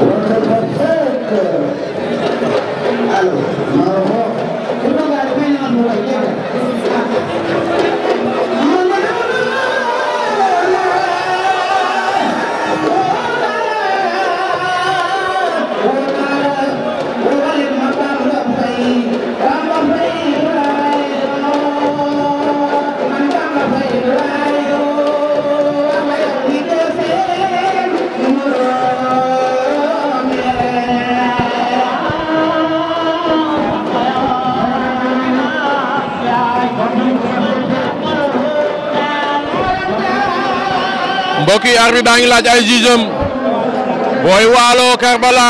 Thank you. mbokk yi arbitre baa ngi laaj ay jugeem Boy Walo Karbala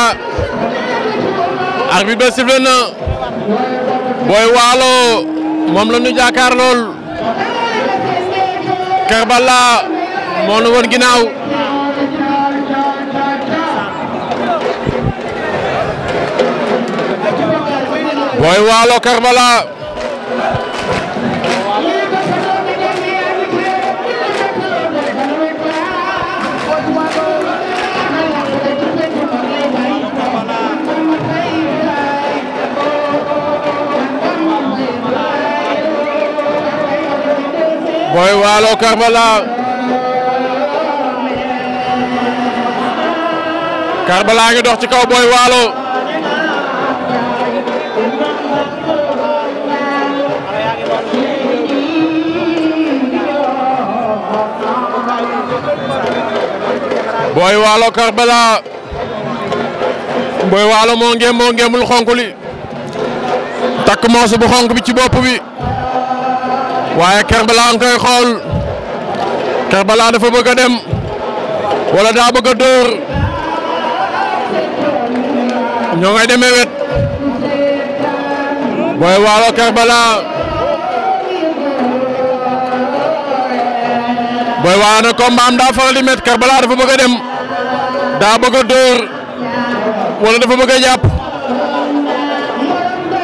arbitre ba sifflé na Boy moom la ñu jàkkaar lool Karbala moo la woon ginnaaw Boy Walo Karbala Boy Walo Karbala Karbala ngi dox ci kaw Boy Walo Boy Walo Karbala Boy takk moosu bu ci bopp waaye Kerbala nga koy xool Kerbala dafa bëgg dem wala daa bëgg a dóor ñoo ngay demee wet booy waalo Kerbala booy waalo na combat am daa faral met Kerbala dafa bëgg dem daa bëgg dóor wala dafa bëgg a jàpp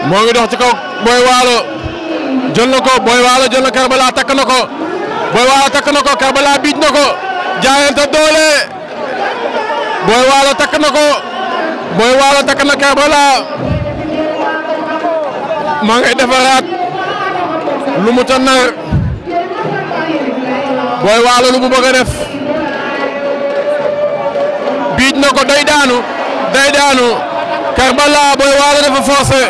moo dox ci kaw booy waalo. jël na ko Boy Walo jël na Karbala takk na ko Boy takk na ko Karbala biij na ko jaayante doole Boy Walo takk na ko Boy Walo takk na Karbala maa ngay defaraat lu mu ta nar Boy def biij na day daanu day daanu Karbala Boy Walo dafa forcé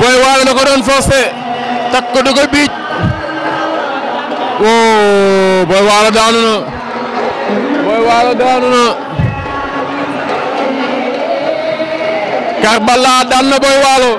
Boy Walo da ko doon forcé takk du biic woo Boy Walo daanu na Boy daan na Boy Walo